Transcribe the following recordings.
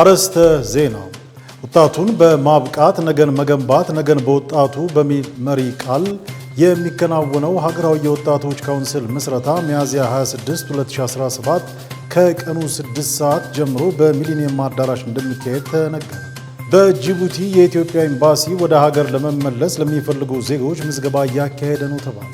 አርዕስተ ዜና ወጣቱን በማብቃት ነገን መገንባት ነገን በወጣቱ በሚመሪ ቃል የሚከናወነው ሀገራዊ የወጣቶች ካውንስል ምስረታ ሚያዝያ 26 2017 ከቀኑ 6 ሰዓት ጀምሮ በሚሊኒየም አዳራሽ እንደሚካሄድ ተነገረ። በጅቡቲ የኢትዮጵያ ኤምባሲ ወደ ሀገር ለመመለስ ለሚፈልጉ ዜጎች ምዝገባ እያካሄደ ነው ተባለ።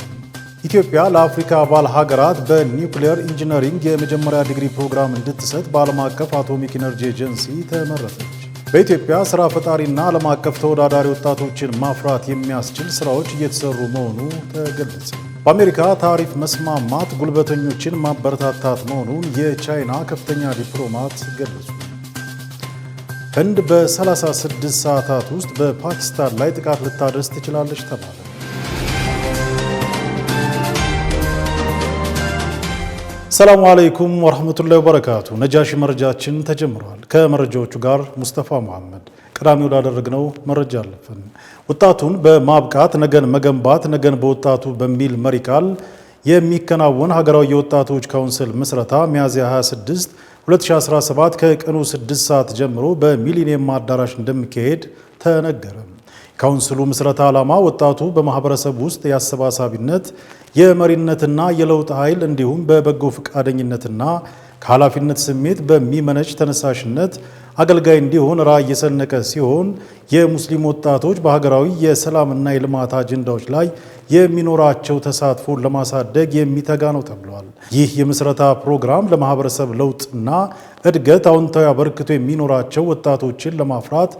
ኢትዮጵያ ለአፍሪካ አባል ሀገራት በኒውክሊየር ኢንጂነሪንግ የመጀመሪያ ዲግሪ ፕሮግራም እንድትሰጥ በዓለም አቀፍ አቶሚክ ኢነርጂ ኤጀንሲ ተመረጠች። በኢትዮጵያ ስራ ፈጣሪና ዓለም አቀፍ ተወዳዳሪ ወጣቶችን ማፍራት የሚያስችል ስራዎች እየተሰሩ መሆኑ ተገለጸ። በአሜሪካ ታሪፍ መስማማት ጉልበተኞችን ማበረታታት መሆኑን የቻይና ከፍተኛ ዲፕሎማት ገለጹ። ህንድ በ36 ሰዓታት ውስጥ በፓኪስታን ላይ ጥቃት ልታደርስ ትችላለች ተባለ። ሰላሙ አለይኩም ወራህመቱላሂ ወበረካቱ። ነጃሺ መረጃችን ተጀምሯል። ከመረጃዎቹ ጋር ሙስተፋ መሐመድ። ቀዳሚ ወዳደረግነው መረጃ አለፍን። ወጣቱን በማብቃት ነገን መገንባት ነገን በወጣቱ በሚል መሪ ቃል የሚከናወን ሀገራዊ የወጣቶች ካውንስል ምስረታ ሚያዝያ 26 2017 ከቀኑ 6 ሰዓት ጀምሮ በሚሊኒየም አዳራሽ እንደሚካሄድ ተነገረ። ካውንስሉ ምስረታ ዓላማ ወጣቱ በማህበረሰብ ውስጥ የአሰባሳቢነት የመሪነትና የለውጥ ኃይል እንዲሁም በበጎ ፈቃደኝነትና ከኃላፊነት ስሜት በሚመነጭ ተነሳሽነት አገልጋይ እንዲሆን ራዕይ የሰነቀ ሲሆን የሙስሊም ወጣቶች በሀገራዊ የሰላምና የልማት አጀንዳዎች ላይ የሚኖራቸው ተሳትፎ ለማሳደግ የሚተጋ ነው ተብለዋል። ይህ የምስረታ ፕሮግራም ለማህበረሰብ ለውጥና እድገት አዎንታዊ አበርክቶ የሚኖራቸው ወጣቶችን ለማፍራት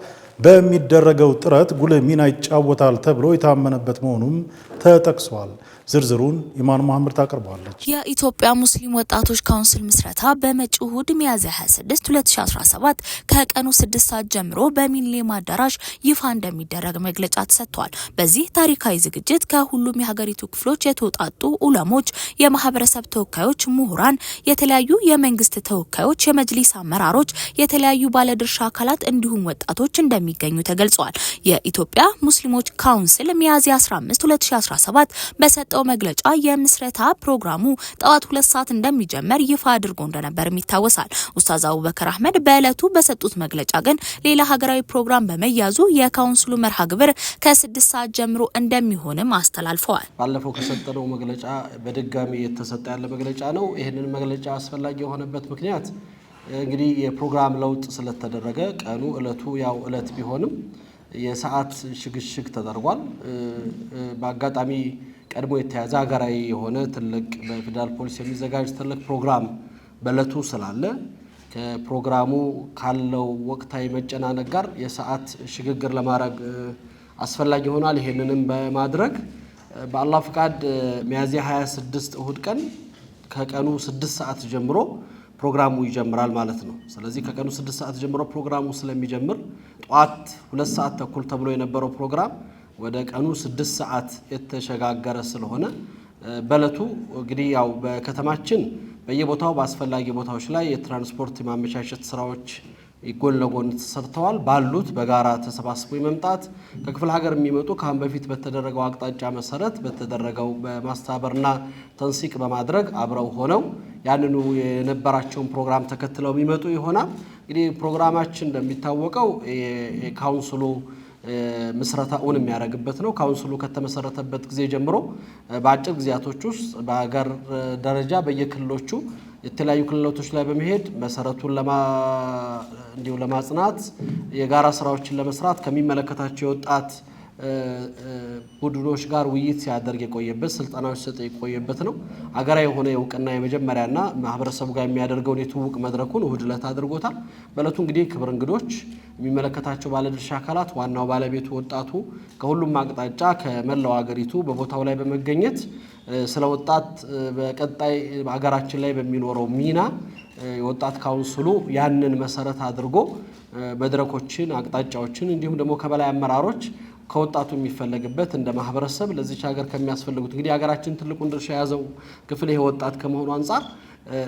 በሚደረገው ጥረት ጉልህ ሚና ይጫወታል ተብሎ የታመነበት መሆኑም ተጠቅሷል። ዝርዝሩን ኢማን መሐመድ ታቀርበዋለች። የኢትዮጵያ ሙስሊም ወጣቶች ካውንስል ምስረታ በመጪው እሁድ ሚያዝያ 26 2017 ከቀኑ 6 ሰዓት ጀምሮ በሚሊኒየም አዳራሽ ይፋ እንደሚደረግ መግለጫ ተሰጥቷል። በዚህ ታሪካዊ ዝግጅት ከሁሉም የሀገሪቱ ክፍሎች የተውጣጡ ዑለሞች፣ የማህበረሰብ ተወካዮች፣ ምሁራን፣ የተለያዩ የመንግስት ተወካዮች፣ የመጅሊስ አመራሮች፣ የተለያዩ ባለድርሻ አካላት እንዲሁም ወጣቶች እንደሚገኙ ተገልጿል። የኢትዮጵያ ሙስሊሞች ካውንስል ሚያዝያ 15 2017 በሰጠው በሰጠው መግለጫ የምስረታ ፕሮግራሙ ጠዋት ሁለት ሰዓት እንደሚጀመር ይፋ አድርጎ እንደነበርም ይታወሳል። ኡስታዝ አቡበከር አህመድ በዕለቱ በሰጡት መግለጫ ግን ሌላ ሀገራዊ ፕሮግራም በመያዙ የካውንስሉ መርሃ ግብር ከስድስት ሰዓት ጀምሮ እንደሚሆንም አስተላልፈዋል። ባለፈው ከሰጠነው መግለጫ በድጋሚ የተሰጠ ያለ መግለጫ ነው። ይህንን መግለጫ አስፈላጊ የሆነበት ምክንያት እንግዲህ የፕሮግራም ለውጥ ስለተደረገ ቀኑ እለቱ ያው እለት ቢሆንም የሰዓት ሽግሽግ ተደርጓል። በአጋጣሚ ቀድሞ የተያዘ ሀገራዊ የሆነ ትልቅ በፌዴራል ፖሊስ የሚዘጋጅ ትልቅ ፕሮግራም በእለቱ ስላለ ከፕሮግራሙ ካለው ወቅታዊ መጨናነቅ ጋር የሰዓት ሽግግር ለማድረግ አስፈላጊ ይሆናል። ይሄንንም በማድረግ በአላህ ፍቃድ ሚያዝያ 26 እሁድ ቀን ከቀኑ 6 ሰዓት ጀምሮ ፕሮግራሙ ይጀምራል ማለት ነው። ስለዚህ ከቀኑ 6 ሰዓት ጀምሮ ፕሮግራሙ ስለሚጀምር ጠዋት ሁለት ሰዓት ተኩል ተብሎ የነበረው ፕሮግራም ወደ ቀኑ ስድስት ሰዓት የተሸጋገረ ስለሆነ በእለቱ እንግዲህ ያው በከተማችን በየቦታው በአስፈላጊ ቦታዎች ላይ የትራንስፖርት የማመቻቸት ስራዎች ጎን ለጎን ተሰርተዋል። ባሉት በጋራ ተሰባስቦ የመምጣት ከክፍለ ሀገር የሚመጡ ከአሁን በፊት በተደረገው አቅጣጫ መሰረት በተደረገው በማስተባበርና ተንሲቅ በማድረግ አብረው ሆነው ያንኑ የነበራቸውን ፕሮግራም ተከትለው የሚመጡ ይሆናል። እንግዲህ ፕሮግራማችን እንደሚታወቀው የካውንስሉ ምስረታውን የሚያደርግበት ነው። ካውንስሉ ከተመሰረተበት ጊዜ ጀምሮ በአጭር ጊዜያቶች ውስጥ በሀገር ደረጃ በየክልሎቹ የተለያዩ ክልሎቶች ላይ በመሄድ መሰረቱን እንዲሁ ለማጽናት የጋራ ስራዎችን ለመስራት ከሚመለከታቸው የወጣት ቡድኖች ጋር ውይይት ሲያደርግ የቆየበት ስልጠናዎች ሲሰጥ የቆየበት ነው። አገራዊ የሆነ የእውቅና የመጀመሪያና ማህበረሰቡ ጋር የሚያደርገውን የትውውቅ መድረኩን እሁድ ዕለት አድርጎታል። በእለቱ እንግዲህ ክብር እንግዶች፣ የሚመለከታቸው ባለድርሻ አካላት፣ ዋናው ባለቤቱ ወጣቱ ከሁሉም አቅጣጫ ከመላው ሀገሪቱ በቦታው ላይ በመገኘት ስለ ወጣት በቀጣይ ሀገራችን ላይ በሚኖረው ሚና የወጣት ካውንስሉ ያንን መሰረት አድርጎ መድረኮችን፣ አቅጣጫዎችን እንዲሁም ደግሞ ከበላይ አመራሮች ከወጣቱ የሚፈለግበት እንደ ማህበረሰብ ለዚች ሀገር ከሚያስፈልጉት እንግዲህ ሀገራችን ትልቁን ድርሻ የያዘው ክፍል ይሄ ወጣት ከመሆኑ አንጻር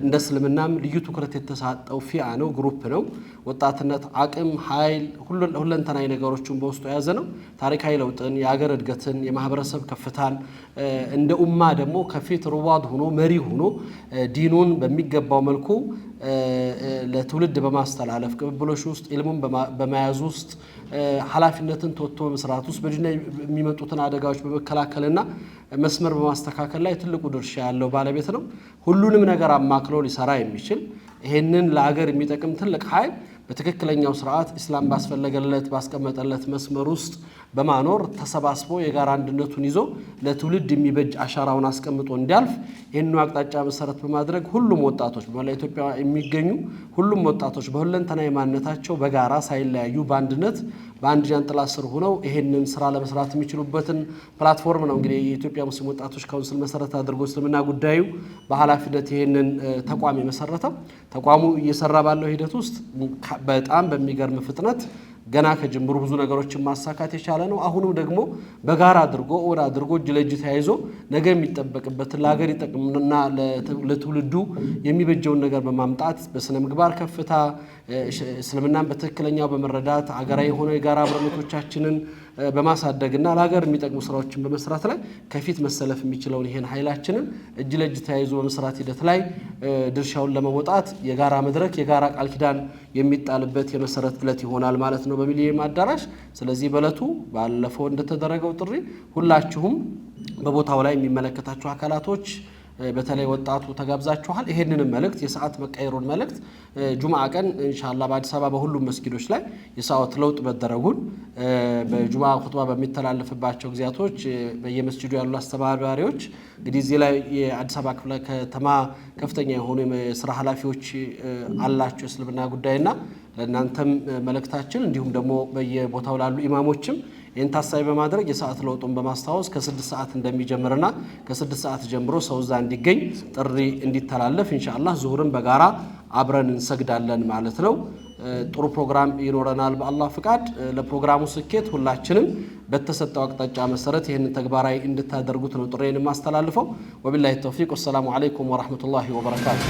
እንደ እስልምናም ልዩ ትኩረት የተሳጠው ፊአ ነው፣ ግሩፕ ነው። ወጣትነት አቅም፣ ኃይል፣ ሁለንተናዊ ነገሮችን በውስጡ የያዘ ነው። ታሪካዊ ለውጥን፣ የአገር እድገትን፣ የማህበረሰብ ከፍታን እንደ ኡማ ደግሞ ከፊት ሩዋድ ሆኖ መሪ ሆኖ ዲኑን በሚገባው መልኩ ለትውልድ በማስተላለፍ ቅብብሎች ውስጥ ኢልሙን በመያዝ ውስጥ ኃላፊነትን ተወጥቶ በመስራት ውስጥ በድና የሚመጡትን አደጋዎች በመከላከልና መስመር በማስተካከል ላይ ትልቁ ድርሻ ያለው ባለቤት ነው። ሁሉንም ነገር አማክሎ ሊሰራ የሚችል ይህንን ለሀገር የሚጠቅም ትልቅ ኃይል በትክክለኛው ስርዓት ኢስላም ባስፈለገለት ባስቀመጠለት መስመር ውስጥ በማኖር ተሰባስቦ የጋራ አንድነቱን ይዞ ለትውልድ የሚበጅ አሻራውን አስቀምጦ እንዲያልፍ ይህኑ አቅጣጫ መሰረት በማድረግ ሁሉም ወጣቶች በመላ ኢትዮጵያ የሚገኙ ሁሉም ወጣቶች በሁለንተና የማንነታቸው በጋራ ሳይለያዩ በአንድነት በአንድ ጃንጥላ ስር ሆነው ይሄንን ስራ ለመስራት የሚችሉበትን ፕላትፎርም ነው እንግዲህ የኢትዮጵያ ሙስሊም ወጣቶች ካውንስል መሰረት አድርጎ እስልምና ጉዳዩ በኃላፊነት ይሄንን ተቋም የመሰረተው። ተቋሙ እየሰራ ባለው ሂደት ውስጥ በጣም በሚገርም ፍጥነት ገና ከጅምሩ ብዙ ነገሮችን ማሳካት የቻለ ነው። አሁንም ደግሞ በጋራ አድርጎ ወደ አድርጎ እጅ ለእጅ ተያይዞ ነገ የሚጠበቅበትን ለሀገር ይጠቅምና ለትውልዱ የሚበጀውን ነገር በማምጣት በስነ ምግባር ከፍታ እስልምናን በትክክለኛው በመረዳት አገራዊ የሆነ የጋራ አብሮነቶቻችንን በማሳደግና ለሀገር የሚጠቅሙ ስራዎችን በመስራት ላይ ከፊት መሰለፍ የሚችለውን ይሄን ኃይላችንን እጅ ለእጅ ተያይዞ በመስራት ሂደት ላይ ድርሻውን ለመወጣት የጋራ መድረክ የጋራ ቃል ኪዳን የሚጣልበት የመሰረት ዕለት ይሆናል ማለት ነው በሚሊኒየም አዳራሽ። ስለዚህ በዕለቱ ባለፈው እንደተደረገው ጥሪ ሁላችሁም በቦታው ላይ የሚመለከታችሁ አካላቶች በተለይ ወጣቱ ተጋብዛችኋል። ይሄንንም መልእክት የሰዓት መቀየሩን መልእክት ጁምዓ ቀን እንሻላ በአዲስ አበባ በሁሉም መስጊዶች ላይ የሰዓት ለውጥ መደረጉን በጁምዓ ሁጥባ በሚተላለፍባቸው ጊዜያቶች በየመስጂዱ ያሉ አስተባባሪዎች እንግዲህ እዚህ ላይ የአዲስ አበባ ክፍለ ከተማ ከፍተኛ የሆኑ የስራ ኃላፊዎች አላቸው የእስልምና ጉዳይና ለእናንተም መልእክታችን እንዲሁም ደግሞ በየቦታው ላሉ ኢማሞችም ይህን ታሳቢ በማድረግ የሰዓት ለውጡን በማስታወስ ከስድስት ሰዓት እንደሚጀምርና ከስድስት ሰዓት ጀምሮ ሰው እዛ እንዲገኝ ጥሪ እንዲተላለፍ ኢንሻአላህ ዙሁርን በጋራ አብረን እንሰግዳለን ማለት ነው። ጥሩ ፕሮግራም ይኖረናል በአላህ ፍቃድ። ለፕሮግራሙ ስኬት ሁላችንም በተሰጠው አቅጣጫ መሰረት ይህንን ተግባራዊ እንድታደርጉት ነው ጥሬን የማስተላልፈው። ወቢላሂ ተውፊቅ። ወሰላሙ አለይኩም ወረሕመቱላሂ ወበረካቱ።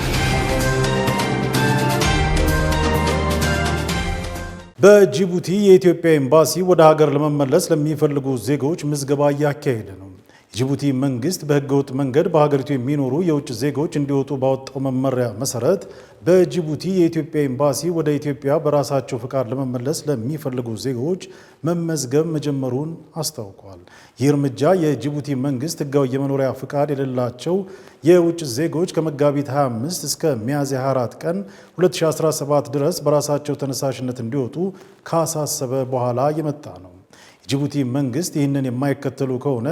በጅቡቲ የኢትዮጵያ ኤምባሲ ወደ ሀገር ለመመለስ ለሚፈልጉ ዜጎች ምዝገባ እያካሄደ ነው። የጅቡቲ መንግስት በህገወጥ መንገድ በሀገሪቱ የሚኖሩ የውጭ ዜጎች እንዲወጡ ባወጣው መመሪያ መሰረት በጅቡቲ የኢትዮጵያ ኤምባሲ ወደ ኢትዮጵያ በራሳቸው ፍቃድ ለመመለስ ለሚፈልጉ ዜጎች መመዝገብ መጀመሩን አስታውቋል። ይህ እርምጃ የጅቡቲ መንግስት ህጋዊ የመኖሪያ ፍቃድ የሌላቸው የውጭ ዜጎች ከመጋቢት 25 እስከ ሚያዝያ 24 ቀን 2017 ድረስ በራሳቸው ተነሳሽነት እንዲወጡ ካሳሰበ በኋላ የመጣ ነው። ጅቡቲ መንግስት ይህንን የማይከተሉ ከሆነ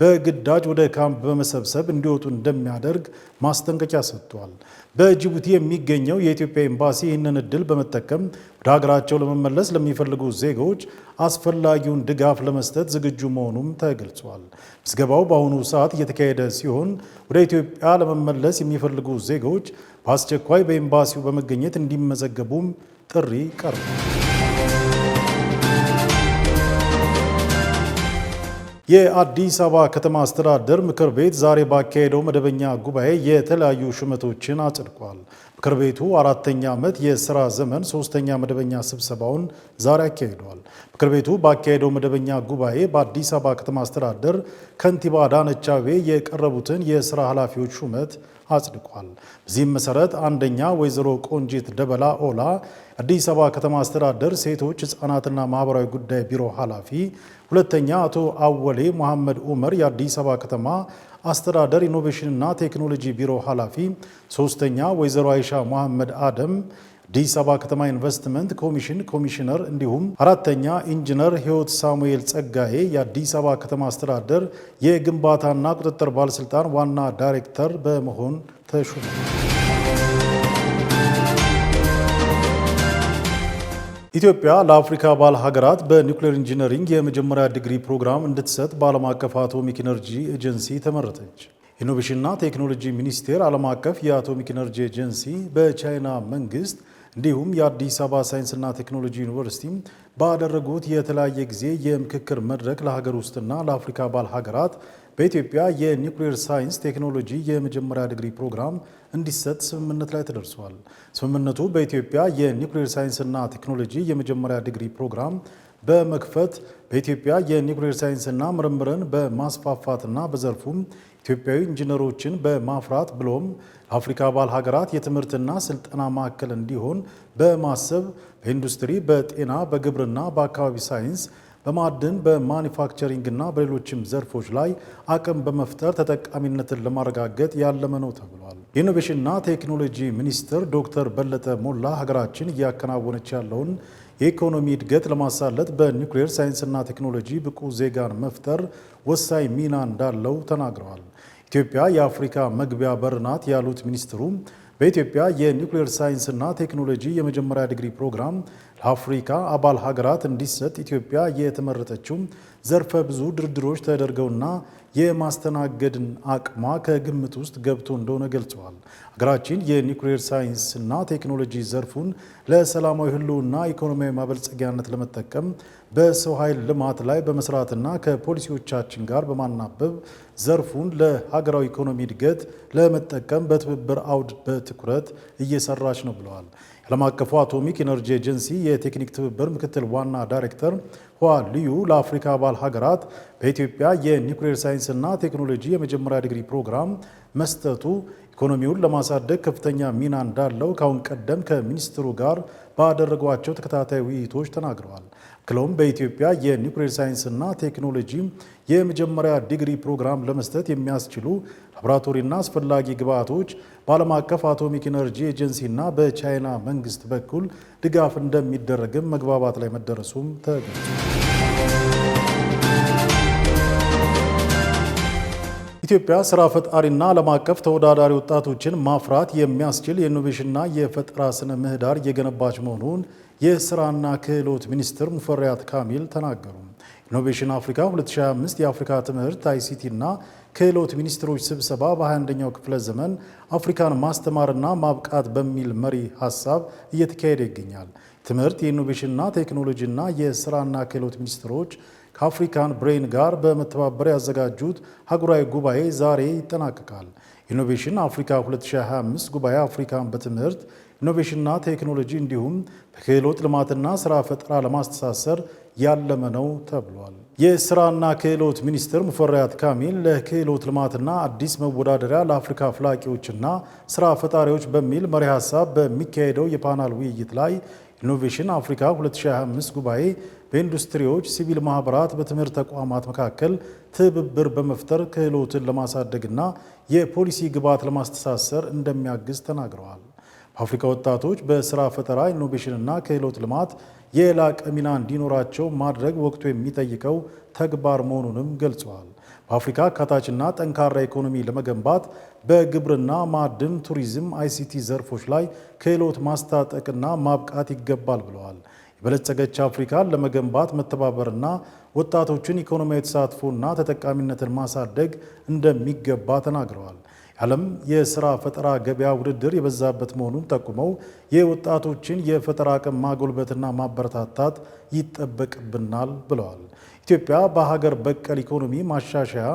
በግዳጅ ወደ ካምፕ በመሰብሰብ እንዲወጡ እንደሚያደርግ ማስጠንቀቂያ ሰጥቷል። በጅቡቲ የሚገኘው የኢትዮጵያ ኤምባሲ ይህንን እድል በመጠቀም ወደ ሀገራቸው ለመመለስ ለሚፈልጉ ዜጎች አስፈላጊውን ድጋፍ ለመስጠት ዝግጁ መሆኑም ተገልጿል። ምዝገባው በአሁኑ ሰዓት እየተካሄደ ሲሆን ወደ ኢትዮጵያ ለመመለስ የሚፈልጉ ዜጎች በአስቸኳይ በኤምባሲው በመገኘት እንዲመዘገቡም ጥሪ ቀርቧል። የአዲስ አበባ ከተማ አስተዳደር ምክር ቤት ዛሬ ባካሄደው መደበኛ ጉባኤ የተለያዩ ሹመቶችን አጽድቋል። ምክር ቤቱ አራተኛ ዓመት የስራ ዘመን ሶስተኛ መደበኛ ስብሰባውን ዛሬ አካሂዷል። ምክር ቤቱ ባካሄደው መደበኛ ጉባኤ በአዲስ አበባ ከተማ አስተዳደር ከንቲባ አዳነች አቤቤ የቀረቡትን የስራ ኃላፊዎች ሹመት አጽድቋል። በዚህም መሰረት አንደኛ ወይዘሮ ቆንጂት ደበላ ኦላ አዲስ አበባ ከተማ አስተዳደር ሴቶች ሕፃናትና ማህበራዊ ጉዳይ ቢሮ ኃላፊ፣ ሁለተኛ አቶ አወሌ መሐመድ ኡመር የአዲስ አበባ ከተማ አስተዳደር ኢኖቬሽንና ቴክኖሎጂ ቢሮ ኃላፊ፣ ሶስተኛ ወይዘሮ አይሻ መሐመድ አደም አዲስ አበባ ከተማ ኢንቨስትመንት ኮሚሽን ኮሚሽነር እንዲሁም አራተኛ ኢንጂነር ህይወት ሳሙኤል ጸጋዬ የአዲስ አበባ ከተማ አስተዳደር የግንባታና ቁጥጥር ባለስልጣን ዋና ዳይሬክተር በመሆን ተሹሙ። ኢትዮጵያ ለአፍሪካ ባል ሀገራት በኒውክሌር ኢንጂነሪንግ የመጀመሪያ ዲግሪ ፕሮግራም እንድትሰጥ በዓለም አቀፍ አቶሚክ ኢነርጂ ኤጀንሲ ተመረጠች። ኢኖቬሽንና ቴክኖሎጂ ሚኒስቴር ዓለም አቀፍ የአቶሚክ ኢነርጂ ኤጀንሲ በቻይና መንግስት እንዲሁም የአዲስ አበባ ሳይንስና ቴክኖሎጂ ዩኒቨርሲቲ ባደረጉት የተለያየ ጊዜ የምክክር መድረክ ለሀገር ውስጥና ለአፍሪካ ባል ሀገራት በኢትዮጵያ የኒውክሌር ሳይንስ ቴክኖሎጂ የመጀመሪያ ዲግሪ ፕሮግራም እንዲሰጥ ስምምነት ላይ ተደርሷል። ስምምነቱ በኢትዮጵያ የኒውክሌር ሳይንስና ቴክኖሎጂ የመጀመሪያ ዲግሪ ፕሮግራም በመክፈት በኢትዮጵያ የኒውክሌር ሳይንስና ምርምርን በማስፋፋትና በዘርፉም ኢትዮጵያዊ ኢንጂነሮችን በማፍራት ብሎም አፍሪካ አባል ሀገራት የትምህርትና ስልጠና ማዕከል እንዲሆን በማሰብ በኢንዱስትሪ፣ በጤና፣ በግብርና፣ በአካባቢ ሳይንስ፣ በማዕድን፣ በማኒፋክቸሪንግና በሌሎችም ዘርፎች ላይ አቅም በመፍጠር ተጠቃሚነትን ለማረጋገጥ ያለመ ነው ተብሏል። የኢኖቬሽንና ቴክኖሎጂ ሚኒስትር ዶክተር በለጠ ሞላ ሀገራችን እያከናወነች ያለውን የኢኮኖሚ እድገት ለማሳለጥ በኒውክሌር ሳይንስና ቴክኖሎጂ ብቁ ዜጋን መፍጠር ወሳኝ ሚና እንዳለው ተናግረዋል። ኢትዮጵያ የአፍሪካ መግቢያ በር ናት ያሉት ሚኒስትሩ በኢትዮጵያ የኒውክሌር ሳይንስና ቴክኖሎጂ የመጀመሪያ ዲግሪ ፕሮግራም ለአፍሪካ አባል ሀገራት እንዲሰጥ ኢትዮጵያ የተመረጠችው ዘርፈ ብዙ ድርድሮች ተደርገውና የማስተናገድን አቅሟ ከግምት ውስጥ ገብቶ እንደሆነ ገልጸዋል። ሀገራችን የኒውክሌር ሳይንስና ቴክኖሎጂ ዘርፉን ለሰላማዊ ህልውና ኢኮኖሚያዊ ማበልጸጊያነት ለመጠቀም በሰው ኃይል ልማት ላይ በመስራትና ከፖሊሲዎቻችን ጋር በማናበብ ዘርፉን ለሀገራዊ ኢኮኖሚ እድገት ለመጠቀም በትብብር አውድ በትኩረት እየሰራች ነው ብለዋል። ዓለም አቀፉ አቶሚክ ኢነርጂ ኤጀንሲ የቴክኒክ ትብብር ምክትል ዋና ዳይሬክተር ሁዋ ልዩ ለአፍሪካ አባል ሀገራት በኢትዮጵያ የኒውክሌር ሳይንስና ቴክኖሎጂ የመጀመሪያ ዲግሪ ፕሮግራም መስጠቱ ኢኮኖሚውን ለማሳደግ ከፍተኛ ሚና እንዳለው ከአሁን ቀደም ከሚኒስትሩ ጋር ባደረጓቸው ተከታታይ ውይይቶች ተናግረዋል። ክለውም በኢትዮጵያ የኒውክሌር ሳይንስና ቴክኖሎጂ የመጀመሪያ ዲግሪ ፕሮግራም ለመስጠት የሚያስችሉ ላቦራቶሪና አስፈላጊ ግብዓቶች በዓለም አቀፍ አቶሚክ ኢነርጂ ኤጀንሲና በቻይና መንግስት በኩል ድጋፍ እንደሚደረግም መግባባት ላይ መደረሱም ተገልጿል። ኢትዮጵያ ስራ ፈጣሪና ዓለም አቀፍ ተወዳዳሪ ወጣቶችን ማፍራት የሚያስችል የኢኖቬሽንና የፈጠራ ስነ ምህዳር እየገነባች መሆኑን የስራና ክህሎት ሚኒስትር ሙፈሪያት ካሚል ተናገሩ። ኢኖቬሽን አፍሪካ 2025 የአፍሪካ ትምህርት አይሲቲና ክህሎት ሚኒስትሮች ስብሰባ በ21ኛው ክፍለ ዘመን አፍሪካን ማስተማርና ማብቃት በሚል መሪ ሀሳብ እየተካሄደ ይገኛል። ትምህርት የኢኖቬሽንና ቴክኖሎጂና የስራና ክህሎት ሚኒስትሮች ከአፍሪካን ብሬን ጋር በመተባበር ያዘጋጁት ሀጉራዊ ጉባኤ ዛሬ ይጠናቀቃል። ኢኖቬሽን አፍሪካ 2025 ጉባኤ አፍሪካን በትምህርት ኢኖቬሽንና ቴክኖሎጂ እንዲሁም በክህሎት ልማትና ስራ ፈጠራ ለማስተሳሰር ያለመ ነው ተብሏል። የስራና ክህሎት ሚኒስትር ሙፈሪያት ካሚል ለክህሎት ልማትና አዲስ መወዳደሪያ ለአፍሪካ አፍላቂዎችና ስራ ፈጣሪዎች በሚል መሪ ሀሳብ በሚካሄደው የፓናል ውይይት ላይ ኢኖቬሽን አፍሪካ 2025 ጉባኤ በኢንዱስትሪዎች፣ ሲቪል ማህበራት፣ በትምህርት ተቋማት መካከል ትብብር በመፍጠር ክህሎትን ለማሳደግና የፖሊሲ ግብዓት ለማስተሳሰር እንደሚያግዝ ተናግረዋል። አፍሪካ ወጣቶች በስራ ፈጠራ ኢኖቬሽንና ክህሎት ልማት የላቀ ሚና እንዲኖራቸው ማድረግ ወቅቱ የሚጠይቀው ተግባር መሆኑንም ገልጸዋል። በአፍሪካ አካታችና ጠንካራ ኢኮኖሚ ለመገንባት በግብርና፣ ማዕድን፣ ቱሪዝም፣ አይሲቲ ዘርፎች ላይ ክህሎት ማስታጠቅና ማብቃት ይገባል ብለዋል። የበለጸገች አፍሪካን ለመገንባት መተባበርና ወጣቶችን ኢኮኖሚያዊ ተሳትፎና ተጠቃሚነትን ማሳደግ እንደሚገባ ተናግረዋል። ዓለም የሥራ ፈጠራ ገበያ ውድድር የበዛበት መሆኑን ጠቁመው የወጣቶችን የፈጠራ አቅም ማጎልበትና ማበረታታት ይጠበቅብናል ብለዋል። ኢትዮጵያ በሀገር በቀል ኢኮኖሚ ማሻሻያ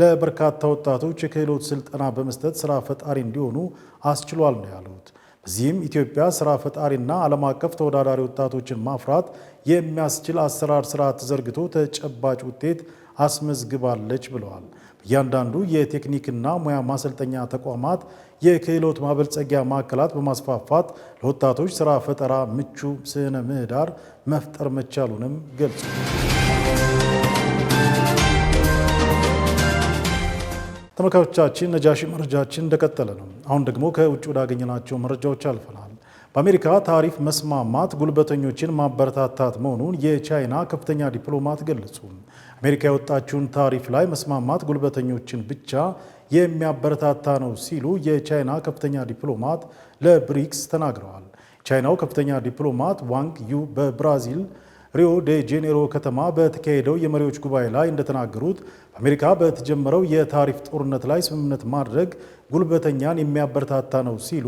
ለበርካታ ወጣቶች የክህሎት ስልጠና በመስጠት ስራ ፈጣሪ እንዲሆኑ አስችሏል ነው ያሉት። በዚህም ኢትዮጵያ ስራ ፈጣሪና ዓለም አቀፍ ተወዳዳሪ ወጣቶችን ማፍራት የሚያስችል አሰራር ስርዓት ተዘርግቶ ተጨባጭ ውጤት አስመዝግባለች ብለዋል። እያንዳንዱ የቴክኒክና ሙያ ማሰልጠኛ ተቋማት የክህሎት ማበልጸጊያ ማዕከላት በማስፋፋት ለወጣቶች ስራ ፈጠራ ምቹ ስነ ምህዳር መፍጠር መቻሉንም ገልጹ። ተመልካቾቻችን ነጃሺ መረጃችን እንደቀጠለ ነው። አሁን ደግሞ ከውጭ ወዳገኘናቸው መረጃዎች አልፈናል። በአሜሪካ ታሪፍ መስማማት ጉልበተኞችን ማበረታታት መሆኑን የቻይና ከፍተኛ ዲፕሎማት ገለጹ። አሜሪካ የወጣችውን ታሪፍ ላይ መስማማት ጉልበተኞችን ብቻ የሚያበረታታ ነው ሲሉ የቻይና ከፍተኛ ዲፕሎማት ለብሪክስ ተናግረዋል። ቻይናው ከፍተኛ ዲፕሎማት ዋንግ ዩ በብራዚል ሪዮ ዴ ጄኔሮ ከተማ በተካሄደው የመሪዎች ጉባኤ ላይ እንደተናገሩት አሜሪካ በተጀመረው የታሪፍ ጦርነት ላይ ስምምነት ማድረግ ጉልበተኛን የሚያበረታታ ነው ሲሉ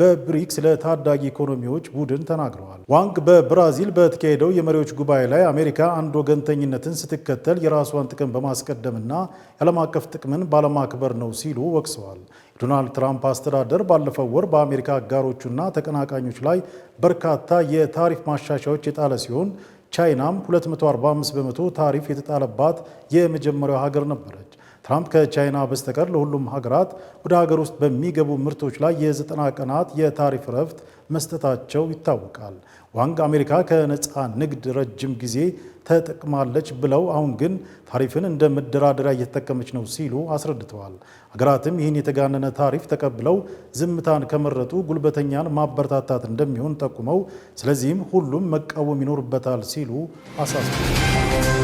በብሪክስ ለታዳጊ ኢኮኖሚዎች ቡድን ተናግረዋል። ዋንግ በብራዚል በተካሄደው የመሪዎች ጉባኤ ላይ አሜሪካ አንድ ወገንተኝነትን ስትከተል የራሷን ጥቅም በማስቀደምና የዓለም አቀፍ ጥቅምን ባለማክበር ነው ሲሉ ወቅሰዋል። የዶናልድ ትራምፕ አስተዳደር ባለፈው ወር በአሜሪካ አጋሮቹና ተቀናቃኞች ላይ በርካታ የታሪፍ ማሻሻዎች የጣለ ሲሆን ቻይናም 245 በመቶ ታሪፍ የተጣለባት የመጀመሪያው ሀገር ነበረች። ትራምፕ ከቻይና በስተቀር ለሁሉም ሀገራት ወደ ሀገር ውስጥ በሚገቡ ምርቶች ላይ የዘጠና ቀናት የታሪፍ ረፍት መስጠታቸው ይታወቃል። ዋንግ አሜሪካ ከነፃ ንግድ ረጅም ጊዜ ተጠቅማለች ብለው አሁን ግን ታሪፍን እንደ መደራደሪያ እየተጠቀመች ነው ሲሉ አስረድተዋል። ሀገራትም ይህን የተጋነነ ታሪፍ ተቀብለው ዝምታን ከመረጡ ጉልበተኛን ማበረታታት እንደሚሆን ጠቁመው ስለዚህም ሁሉም መቃወም ይኖርበታል ሲሉ አሳስበዋል።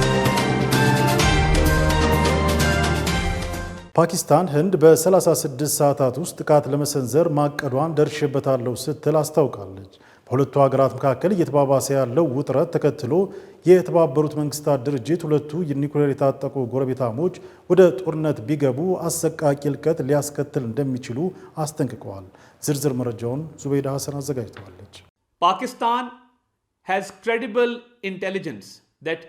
ፓኪስታን ህንድ በ36 ሰዓታት ውስጥ ጥቃት ለመሰንዘር ማቀዷን ደርሼበታለሁ ስትል አስታውቃለች። በሁለቱ ሀገራት መካከል እየተባባሰ ያለው ውጥረት ተከትሎ የተባበሩት መንግስታት ድርጅት ሁለቱ የኒውክሌር የታጠቁ ጎረቤታሞች ወደ ጦርነት ቢገቡ አሰቃቂ እልቀት ሊያስከትል እንደሚችሉ አስጠንቅቀዋል። ዝርዝር መረጃውን ዙበይዳ ሀሰን አዘጋጅተዋለች። ፓኪስታን has ክሬዲብል ኢንቴሊጀንስ that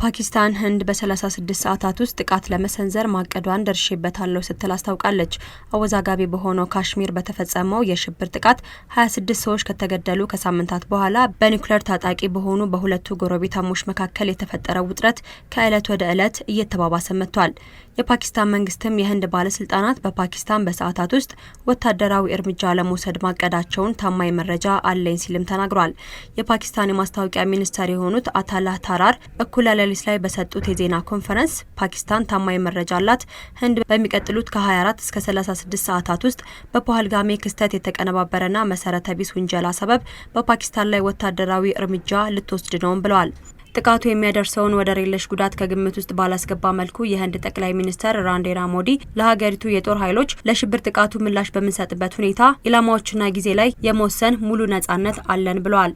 ፓኪስታን ህንድ በ36 ሰዓታት ውስጥ ጥቃት ለመሰንዘር ማቀዷን ደርሼበታለሁ ስትል አስታውቃለች። አወዛጋቢ በሆነው ካሽሚር በተፈጸመው የሽብር ጥቃት 26 ሰዎች ከተገደሉ ከሳምንታት በኋላ በኒውክሌር ታጣቂ በሆኑ በሁለቱ ጎረቤታሞች መካከል የተፈጠረው ውጥረት ከእለት ወደ ዕለት እየተባባሰ መጥቷል። የፓኪስታን መንግስትም የህንድ ባለስልጣናት በፓኪስታን በሰዓታት ውስጥ ወታደራዊ እርምጃ ለመውሰድ ማቀዳቸውን ታማኝ መረጃ አለኝ ሲልም ተናግሯል። የፓኪስታን የማስታወቂያ ሚኒስተር የሆኑት አታላህ ታራር እኩለ ሌሊት ላይ በሰጡት የዜና ኮንፈረንስ ፓኪስታን ታማኝ መረጃ አላት፣ ህንድ በሚቀጥሉት ከ24 እስከ 36 ሰዓታት ውስጥ በፖህልጋሜ ክስተት የተቀነባበረና መሰረተ ቢስ ውንጀላ ሰበብ በፓኪስታን ላይ ወታደራዊ እርምጃ ልትወስድ ነውም ብለዋል። ጥቃቱ የሚያደርሰውን ወደር የለሽ ጉዳት ከግምት ውስጥ ባላስገባ መልኩ የህንድ ጠቅላይ ሚኒስተር ራንዴራ ሞዲ ለሀገሪቱ የጦር ኃይሎች ለሽብር ጥቃቱ ምላሽ በምንሰጥበት ሁኔታ ኢላማዎችና ጊዜ ላይ የመወሰን ሙሉ ነጻነት አለን ብለዋል።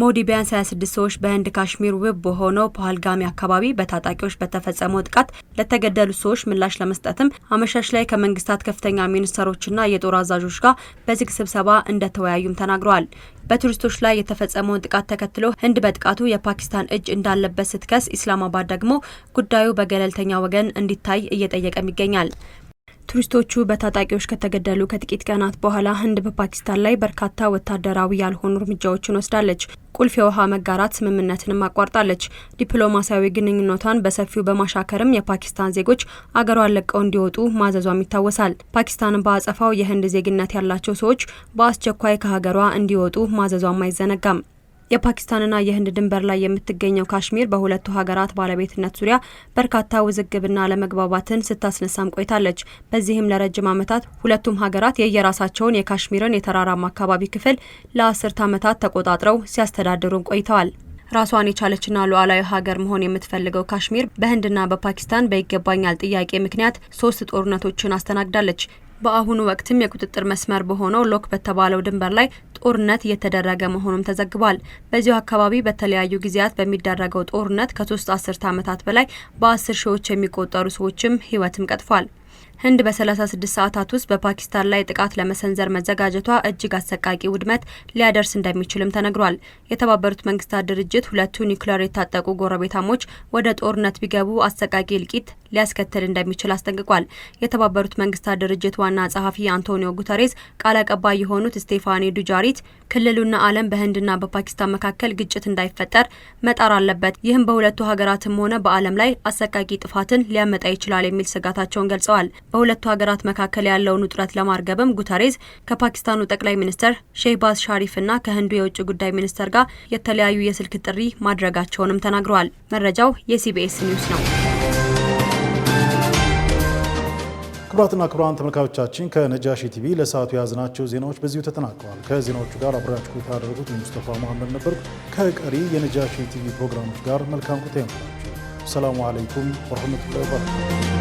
ሞዲ ቢያንስ 26 ሰዎች በህንድ ካሽሚር ውብ በሆነው ፓህልጋሚ አካባቢ በታጣቂዎች በተፈጸመው ጥቃት ለተገደሉ ሰዎች ምላሽ ለመስጠትም አመሻሽ ላይ ከመንግስታት ከፍተኛ ሚኒስተሮችና የጦር አዛዦች ጋር በዝግ ስብሰባ እንደተወያዩም ተናግረዋል። በቱሪስቶች ላይ የተፈጸመውን ጥቃት ተከትሎ ህንድ በጥቃቱ የፓኪስታን እጅ እንዳለበት ስትከስ፣ ኢስላማባድ ደግሞ ጉዳዩ በገለልተኛ ወገን እንዲታይ እየጠየቀም ይገኛል። ቱሪስቶቹ በታጣቂዎች ከተገደሉ ከጥቂት ቀናት በኋላ ህንድ በፓኪስታን ላይ በርካታ ወታደራዊ ያልሆኑ እርምጃዎችን ወስዳለች። ቁልፍ የውሃ መጋራት ስምምነትንም አቋርጣለች። ዲፕሎማሲያዊ ግንኙነቷን በሰፊው በማሻከርም የፓኪስታን ዜጎች አገሯን ለቀው እንዲወጡ ማዘዟም ይታወሳል። ፓኪስታን በአጸፋው የህንድ ዜግነት ያላቸው ሰዎች በአስቸኳይ ከሀገሯ እንዲወጡ ማዘዟም አይዘነጋም። የፓኪስታንና የህንድ ድንበር ላይ የምትገኘው ካሽሚር በሁለቱ ሀገራት ባለቤትነት ዙሪያ በርካታ ውዝግብና አለመግባባትን ስታስነሳም ቆይታለች። በዚህም ለረጅም ዓመታት ሁለቱም ሀገራት የየራሳቸውን የካሽሚርን የተራራማ አካባቢ ክፍል ለአስርት ዓመታት ተቆጣጥረው ሲያስተዳድሩም ቆይተዋል። ራሷን የቻለችና ሉዓላዊ ሀገር መሆን የምትፈልገው ካሽሚር በህንድና በፓኪስታን በይገባኛል ጥያቄ ምክንያት ሶስት ጦርነቶችን አስተናግዳለች። በአሁኑ ወቅትም የቁጥጥር መስመር በሆነው ሎክ በተባለው ድንበር ላይ ጦርነት እየተደረገ መሆኑም ተዘግቧል። በዚሁ አካባቢ በተለያዩ ጊዜያት በሚደረገው ጦርነት ከሶስት አስርተ ዓመታት በላይ በአስር ሺዎች የሚቆጠሩ ሰዎችም ህይወትም ቀጥፏል። ህንድ በ36 ሰዓታት ውስጥ በፓኪስታን ላይ ጥቃት ለመሰንዘር መዘጋጀቷ እጅግ አሰቃቂ ውድመት ሊያደርስ እንደሚችልም ተነግሯል። የተባበሩት መንግስታት ድርጅት ሁለቱ ኒውክሌር የታጠቁ ጎረቤታሞች ወደ ጦርነት ቢገቡ አሰቃቂ እልቂት ሊያስከትል እንደሚችል አስጠንቅቋል። የተባበሩት መንግስታት ድርጅት ዋና ጸሐፊ አንቶኒዮ ጉተሬስ ቃል አቀባይ የሆኑት ስቴፋኒ ዱጃሪት ክልሉና ዓለም በህንድና በፓኪስታን መካከል ግጭት እንዳይፈጠር መጣር አለበት፣ ይህም በሁለቱ ሀገራትም ሆነ በዓለም ላይ አሰቃቂ ጥፋትን ሊያመጣ ይችላል የሚል ስጋታቸውን ገልጸዋል። በሁለቱ ሀገራት መካከል ያለውን ውጥረት ለማርገብም ጉተሬስ ከፓኪስታኑ ጠቅላይ ሚኒስትር ሼህባዝ ሻሪፍና ከህንዱ የውጭ ጉዳይ ሚኒስትር ጋር የተለያዩ የስልክ ጥሪ ማድረጋቸውንም ተናግረዋል። መረጃው የሲቢኤስ ኒውስ ነው። ክቡራትና ክቡራን ተመልካቾቻችን ከነጃሺ ቲቪ ለሰዓቱ የያዝናቸው ዜናዎች በዚሁ ተጠናቀዋል። ከዜናዎቹ ጋር አብራችሁ ቆይታ ያደረጉት ሙስተፋ መሐመድ ነበርኩ። ከቀሪ የነጃሺ ቲቪ ፕሮግራሞች ጋር መልካም ቆይታ ይሆንላችሁ። ሰላሙ አለይኩም ወረህመቱላሂ ወበረካቱ።